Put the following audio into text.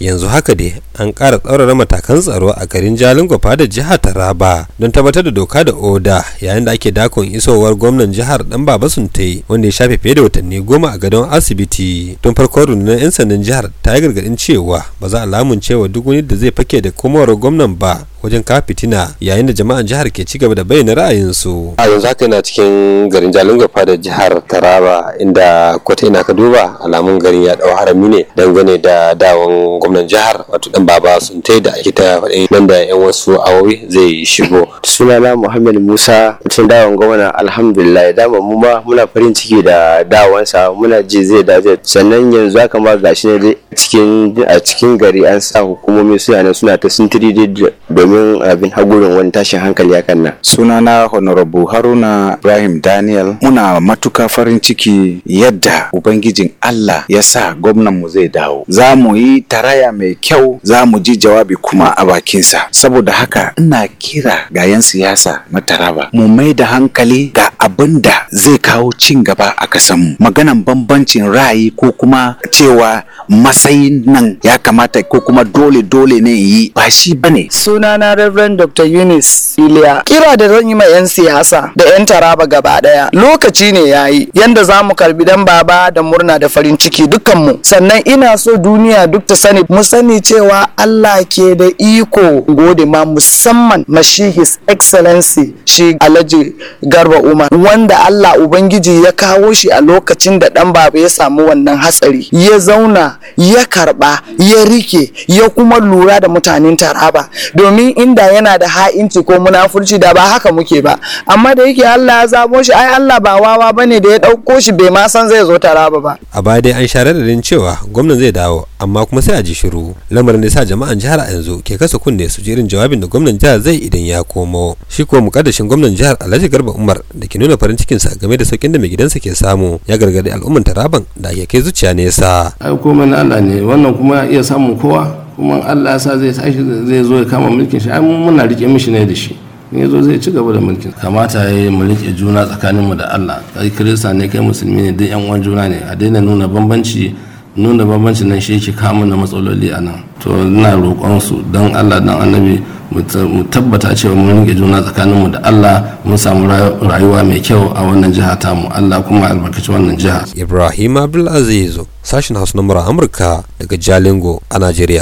yanzu haka dai an ƙara tsaurara matakan tsaro a garin jalingofa da jihar taraba don tabbatar da doka da oda yayin da ake dakon isowar gwamnan jihar dan baba yi, wanda ya shafe fiye da watanni goma a gadon asibiti tun farkon rundunar 'yan sandan jihar ta yi gargaɗin cewa ba za a lamun cewa duk wani da zai fake da komawar gwamnan ba wajen ka fitina yayin da jama'an jihar ke cigaba da bayyana ra'ayinsu. a yanzu haka yana cikin garin gafa da jihar taraba inda kwata ina ka duba alamun garin ya dau harami ne dangane da dawon gwamnan jihar wato dan baba sun tai da ake ta faɗi nan da yan wasu awowi zai shigo. sunana muhammad musa mutum dawon gwamna alhamdulillah dama mu ma muna farin ciki da dawansa muna ji zai dace sannan yanzu haka ma gashi ne cikin a cikin gari an sa hukumomi suna nan suna ta sintiri domin abin hagurin wani tashin hankali hakan nan na honorable haruna ibrahim daniel muna matuka farin ciki yadda ubangijin allah ya sa gwamnan mu zai dawo za mu yi taraya mai kyau za mu ji jawabi kuma a bakinsa saboda haka ina kira ga 'yan siyasa na mu mai da hankali ga abin da zai kawo cin gaba a kasanmu maganan bambancin ra'ayi ko kuma cewa matsayin nan ya kamata ko kuma dole dole ne yi ba shi bane sunana reverend dr yunis iliya kira da zan yi ma 'yan siyasa da 'yan taraba gaba daya lokaci ne ya yi yanda za mu karbi dan baba da murna da farin ciki dukkanmu sannan ina so duniya duk ta sani mu sani cewa allah ke da iko gode ma musamman mashi his excellency shi alhaji garba umar wanda Allah Ubangiji ya kawo shi a lokacin da ɗan baba ya samu wannan hatsari ya zauna ya karɓa ya rike ya kuma lura da mutanen taraba domin inda yana da ha'inci ko munafurci da ba haka muke ba amma da yake Allah ya zabo shi ai Allah ba wawa bane da ya ɗauko shi bai ma san zai zo taraba ba a baya dai an share da cewa gwamnan zai dawo amma kuma sai a ji shiru lamarin da sa jama'an jihar a yanzu ke kasa kunne su ji irin jawabin da gwamnan jihar zai idan ya komo shi ko mukaddashin gwamnan jihar Alhaji Garba Umar da ke nuna farin cikin sa game da saukin da mai gidansa ke samu ya gargadi al'umman taraban da ake kai zuciya nesa ai komai na Allah ne wannan kuma iya samun kowa kuma Allah sa zai tashi zai zo ya kama mulkin shi ai muna rike mishi ne da shi ne zo zai ci gaba da mulkin kamata ya yi mu rike juna tsakaninmu da Allah kai kirista ne kai musulmi ne duk yan uwan juna ne a daina nuna bambanci nuna bambanci nan shi yake kama na matsaloli a nan to ina roƙon su don Allah dan annabi mu tabbata cewa mun rike juna tsakaninmu da Allah mun samu rayuwa mai kyau a wannan jiha mu Allah kuma albarkaci wannan jiha Ibrahim Abdulaziz sashin Hausa na Amurka daga Jalingo a Najeriya